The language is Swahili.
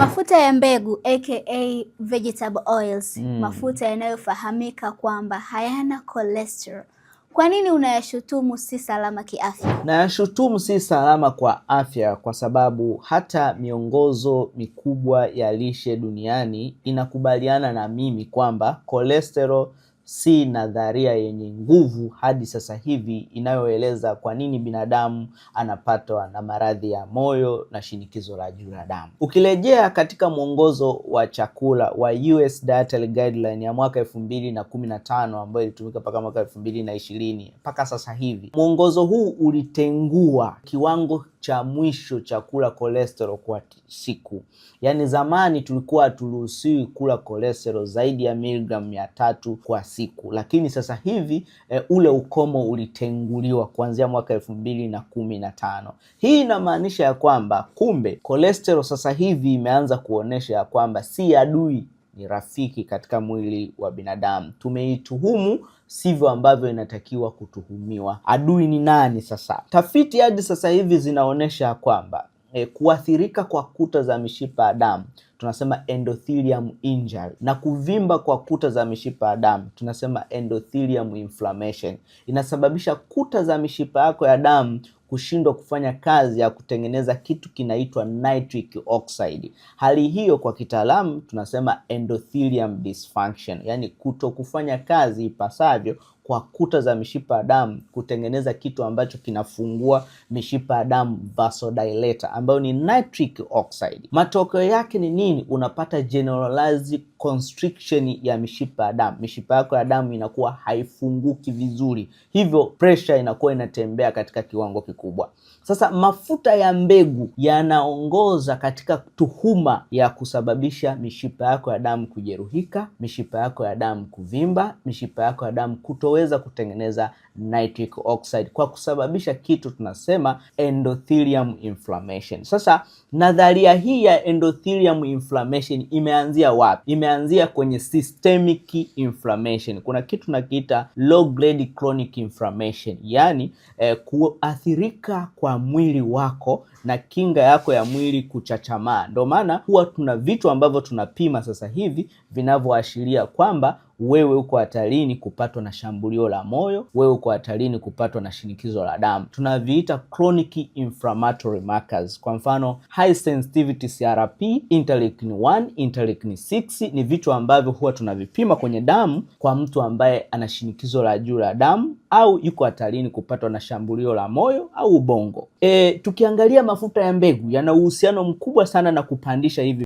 Mafuta ya mbegu aka vegetable oils mm. Mafuta yanayofahamika kwamba hayana cholesterol. Kwa nini unayashutumu si salama kiafya? Nayashutumu si salama kwa afya kwa sababu hata miongozo mikubwa ya lishe duniani inakubaliana na mimi kwamba cholesterol si nadharia yenye nguvu hadi sasa hivi inayoeleza kwa nini binadamu anapatwa na maradhi ya moyo na shinikizo la juu la damu. Ukirejea katika mwongozo wa chakula wa US Dietary Guideline ya mwaka elfu mbili na kumi na tano ambayo ilitumika mpaka mwaka elfu mbili na ishirini mpaka sasa hivi, mwongozo huu ulitengua kiwango cha mwisho cha kula kolesterol kwa siku. Yaani zamani tulikuwa haturuhusiwi kula kolesterol zaidi ya miligramu mia tatu kwa siku siku, lakini sasa hivi e, ule ukomo ulitenguliwa kuanzia mwaka elfu mbili na kumi na tano. Hii inamaanisha ya kwamba kumbe cholesterol sasa hivi imeanza kuonyesha ya kwamba si adui ni rafiki katika mwili wa binadamu. Tumeituhumu sivyo ambavyo inatakiwa kutuhumiwa. Adui ni nani sasa? Tafiti hadi sasa hivi zinaonyesha kwamba E, kuathirika kwa kuta za mishipa ya damu tunasema endothelium injury, na kuvimba kwa kuta za mishipa ya damu tunasema endothelium inflammation. Inasababisha kuta za mishipa yako ya damu kushindwa kufanya kazi ya kutengeneza kitu kinaitwa nitric oxide. Hali hiyo kwa kitaalamu tunasema endothelium dysfunction, yani kuto kufanya kazi ipasavyo kwa kuta za mishipa ya damu kutengeneza kitu ambacho kinafungua mishipa ya damu vasodilator, ambayo ni nitric oxide. Matokeo yake ni nini? Unapata generalized constriction ya mishipa ya damu. Mishipa yako ya damu inakuwa haifunguki vizuri, hivyo pressure inakuwa inatembea katika kiwango kikubwa. Sasa mafuta ya mbegu yanaongoza katika tuhuma ya kusababisha mishipa yako ya damu kujeruhika, mishipa yako ya damu kuvimba, mishipa yako ya damu kutowe kuweza kutengeneza nitric oxide kwa kusababisha kitu tunasema endothelium inflammation. Sasa nadharia hii ya endothelium inflammation imeanzia wapi? Imeanzia kwenye systemic inflammation. Kuna kitu nakiita low grade chronic inflammation, yaani eh, kuathirika kwa mwili wako na kinga yako ya mwili kuchachamaa. Ndio maana huwa tuna vitu ambavyo tunapima sasa hivi vinavyoashiria kwamba wewe uko hatarini kupatwa na shambulio la moyo, wewe uko hatarini kupatwa na shinikizo la damu. Tunaviita chronic inflammatory markers. Kwa mfano high sensitivity CRP, interleukin 1, interleukin 6 ni vitu ambavyo huwa tunavipima kwenye damu kwa mtu ambaye ana shinikizo la juu la damu au yuko hatarini kupatwa na shambulio la moyo au ubongo. E, tukiangalia mafuta ya mbegu yana uhusiano mkubwa sana na kupandisha hivi